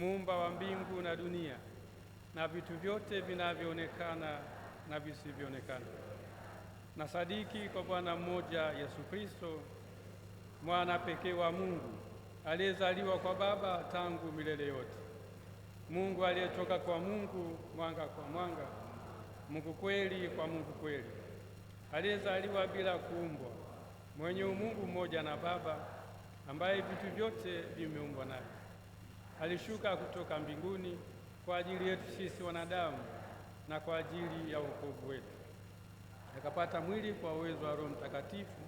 muumba wa mbingu na dunia na vitu vyote vinavyoonekana na visivyoonekana. Na sadiki kwa Bwana mmoja Yesu Kristo, mwana pekee wa Mungu aliyezaliwa kwa Baba tangu milele yote, Mungu aliyetoka kwa Mungu, mwanga kwa mwanga, Mungu kweli kwa Mungu kweli, aliyezaliwa bila kuumbwa, mwenye umungu mmoja na Baba, ambaye vitu vyote vimeumbwa naye alishuka kutoka mbinguni kwa ajili yetu sisi wanadamu na kwa ajili ya wokovu wetu, akapata mwili kwa uwezo wa Roho Mtakatifu.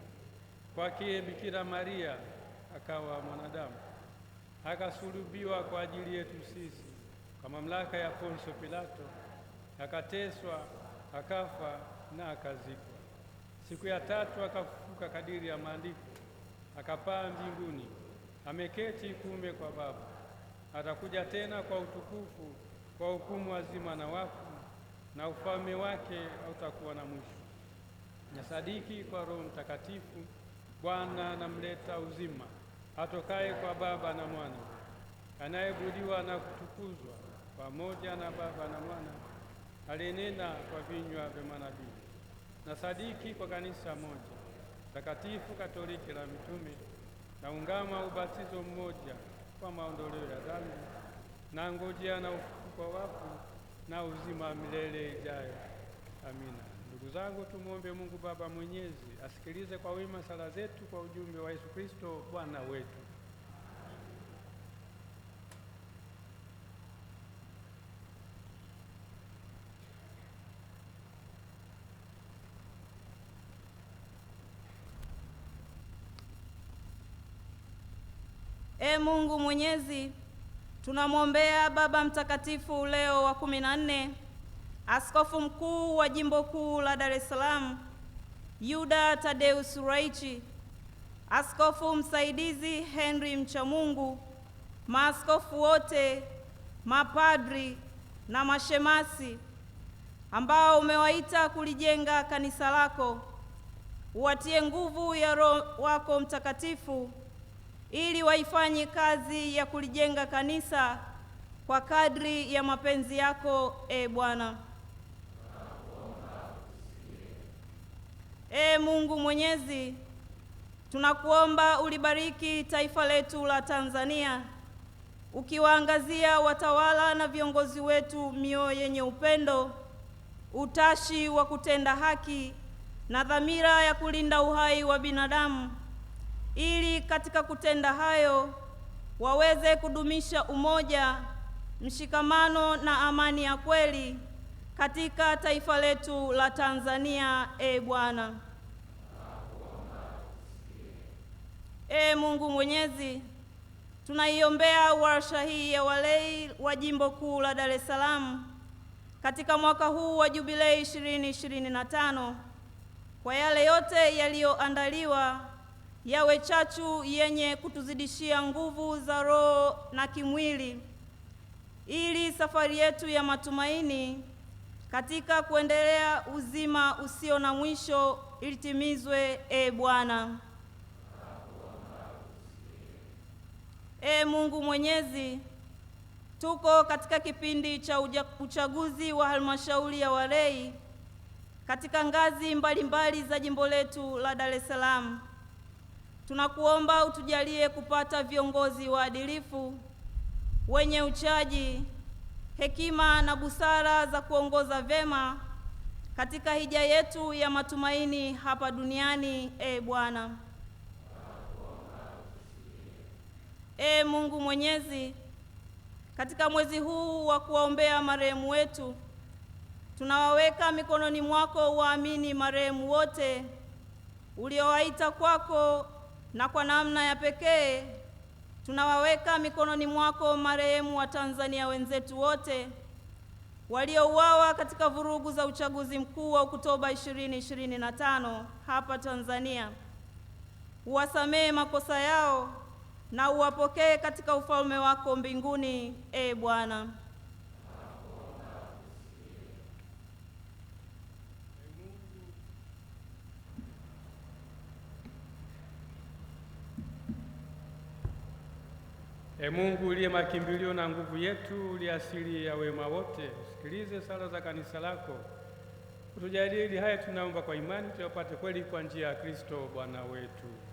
Kwake Bikira Maria akawa mwanadamu, akasulubiwa kwa ajili yetu sisi kwa mamlaka ya Ponso Pilato, akateswa, akafa na akazikwa. Siku ya tatu akafufuka kadiri ya Maandiko, akapaa mbinguni, ameketi kuume kwa Baba atakuja tena kwa utukufu kwa hukumu wazima na wafu, na ufalme wake hautakuwa na mwisho. na sadiki kwa Roho Mtakatifu, Bwana namleta uzima, atokaye kwa Baba na Mwana, anayebudiwa na kutukuzwa pamoja na Baba na Mwana, alinena kwa vinywa vya manabii. sadiki kwa kanisa moja takatifu Katoliki la mitume, na ungama ubatizo mmoja kwa maondoleo ya dhambi, na ngojea na ufufuko wa wafu na uzima milele ijayo. Amina. Ndugu zangu, tumwombe Mungu Baba Mwenyezi asikilize kwa wema sala zetu kwa ujumbe wa Yesu Kristo Bwana wetu. E Mungu Mwenyezi, tunamwombea Baba Mtakatifu Leo wa kumi na nne, askofu mkuu wa jimbo kuu la Dar es Salaam, Yuda Tadeus Ruwaichi, askofu msaidizi Henry Mchamungu, maaskofu wote, mapadri na mashemasi ambao umewaita kulijenga kanisa lako, uwatie nguvu ya Roho wako Mtakatifu ili waifanye kazi ya kulijenga kanisa kwa kadri ya mapenzi yako, e Bwana. E Mungu Mwenyezi, tunakuomba ulibariki taifa letu la Tanzania, ukiwaangazia watawala na viongozi wetu mioyo yenye upendo, utashi wa kutenda haki na dhamira ya kulinda uhai wa binadamu ili katika kutenda hayo waweze kudumisha umoja, mshikamano na amani ya kweli katika taifa letu la Tanzania. E Bwana, e Mungu Mwenyezi, tunaiombea warsha hii ya walei wa Jimbo Kuu la Dar es Salaam katika mwaka huu wa Jubilei 2025 kwa yale yote yaliyoandaliwa yawe chachu yenye kutuzidishia nguvu za roho na kimwili, ili safari yetu ya matumaini katika kuendelea uzima usio na mwisho ilitimizwe, e Bwana. E Mungu Mwenyezi, tuko katika kipindi cha uchaguzi wa halmashauri ya walei katika ngazi mbalimbali mbali za jimbo letu la Dar es Salaam. Tunakuomba utujalie kupata viongozi waadilifu wenye uchaji, hekima na busara za kuongoza vema katika hija yetu ya matumaini hapa duniani. E Bwana, e Mungu Mwenyezi, katika mwezi huu wa kuwaombea marehemu wetu tunawaweka mikononi mwako waamini marehemu wote uliowaita kwako na kwa namna ya pekee tunawaweka mikononi mwako marehemu wa Tanzania wenzetu wote waliouawa katika vurugu za uchaguzi mkuu wa Oktoba 2025 hapa Tanzania. Uwasamehe makosa yao na uwapokee katika ufalme wako mbinguni, e Bwana. E Mungu uliye makimbilio na nguvu yetu, uliye asili ya wema wote, usikilize sala za kanisa lako, utujadili haya tunaomba kwa imani, tuyapate kweli kwa njia ya Kristo Bwana wetu.